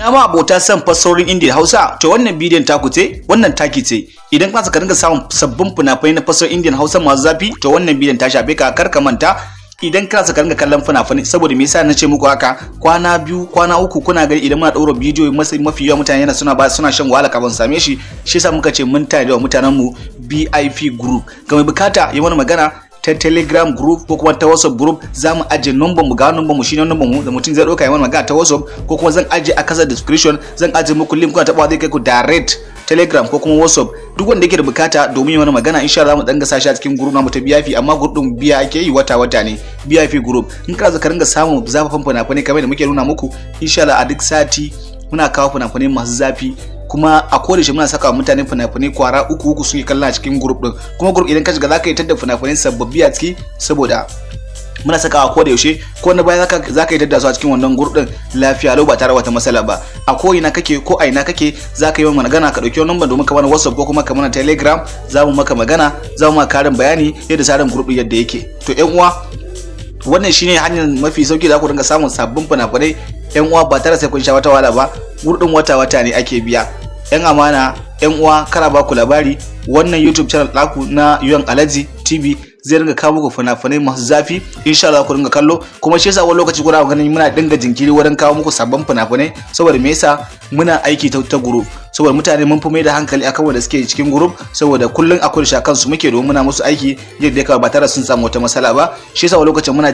na ma abota san fassarorin indiya hausa to wannan bidiyon taku ce wannan taki ce idan ka saka dinga samun sabbin fina-finai na fassarorin indiya hausa masu zafi to wannan bidiyon ta shafe ka kar ka manta idan kana saka dinga kallon fina-finai saboda me yasa na ce muku haka kwana biyu kwana uku kuna gani idan muna ɗaura bidiyo mafi yawa mutane yana suna ba suna shan wahala kafin same shi shi yasa muka ce mun tare da mutanen mu BIP group ga mai bukata ya mana magana ta telegram group ko kuma ta whatsapp group za mu ajiye number mu ga number mu shine number mu da mutum zai ɗauka yi mana magana ta whatsapp ko kuma zan ajiye a kasa description zan ajiye muku link kuna taɓa zai kai ku direct telegram ko kuma whatsapp duk wanda yake da bukata domin mana magana insha Allah mu danga sashi a cikin group namu ta biyafi amma group din biya ake yi wata wata ne biyafi group in ka zaka ringa samun zafafan fina-finai kamar da muke nuna muku insha Allah a duk sati muna kawo fina masu zafi kuma a koda shi muna saka wa mutane fina-finai kwara uku uku suke kalla a cikin group din kuma group idan ka shiga zaka yi tadda fina-finai sababbi a ciki saboda muna saka ko da yaushe ko na baya za ka yi tadda su a cikin wannan din lafiya lau ba tare wata matsala ba a ko ina kake ko a ina kake za ka yi mana magana ka ɗauki wannan domin ka mana whatsapp ko kuma ka mana telegram za mu maka magana za mu maka karin bayani yadda tsarin din yadda yake to yan uwa wannan shine hanyar mafi sauki da ku dinga samun sabbin fina-finai yan uwa ba tare sai kun sha wata wahala ba gurdin wata wata ne ake biya 'yan amana 'yan uwa kara ba ku labari wannan youtube channel ɗaku na yuwan alaji tv zai ringa kawo muku fina-finai masu zafi insha Allah ku ringa kallo kuma shi yasa wani lokaci kuna ganin muna dinga jinkiri wurin kawo muku sabbin fina-finai saboda me yasa muna aiki ta ta group saboda mutane mun fi mai da hankali akan wanda suke cikin group saboda kullun akwai shakan su muke domin muna musu aiki yadda ya kawo ba tare sun samu wata matsala ba shi yasa wani lokacin muna